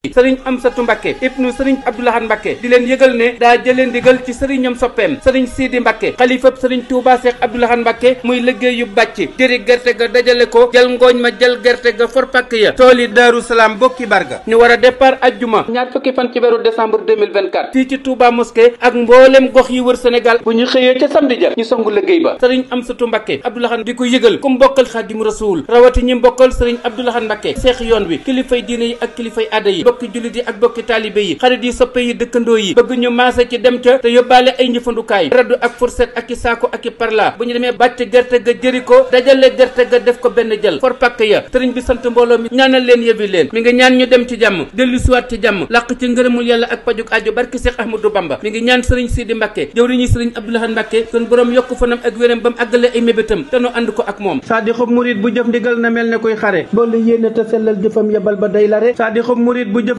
sëriñ Amsatu Mbàkke ibnu sëriñ Abdoulahan Mbàkke di leen yëgal ne daa jëlee ndigal ci sëriñam soppeem sëriñ Sidi Mbàkke xalifab sëriñ Touba Seex Abdoulahan Mbàkke muy liggéey yu bàcc jëri gerte ga dajale ko jël ngooñ ma jël gerte ga for pàkk ya tooli Daaru Salaam bokki barga ñu war a départ ajjuma ñaar fukki fan ci weeru décembre 2024 fii ci Touba mosquée ak mbooleem gox yi wër Sénégal bu ñu xëyee ca samedi ja ñu songu liggéey ba sëriñ Amsatu Mbàkke Abdoulahan di ko yëgal ku mbokkal Xaadimu Rasuul rawati ñi mbokkal sëriñ Abdoulahan Mbàkke seex yoon wi kilifay diine yi ak kilifay aada yi bokki jullit yi ak bokki taalibe yi xarit yi soppe yi dëkkandoo yi bëgg ñu maase ci dem ca te yóbbaale ay njëfandukaay raddu ak fourchette ak i saako ak i parla bu ñu demee bàcc gerte ga jëri ko dajale gerte ga def ko benn jël for pàkk ya sëriñ bi sant mbooloo mi ñaanal leen yëbi leen mi ngi ñaan ñu dem ci jàmm dellu suwaat ci jàmm làq ci ngërëmul yàlla ak pajuk aju barki Seex Ahmadou Bamba mi ngi ñaan sëriñ Sidi Mbàkke jëwriñu sëriñ Abdoulahan Mbàkke sun borom yokk fanam ak wéram bam àggale ay mébétam te noo ànd ko ak moom saadixub murit bu jëf ndigal na mel ne koy xare boole yéene te yabal ba day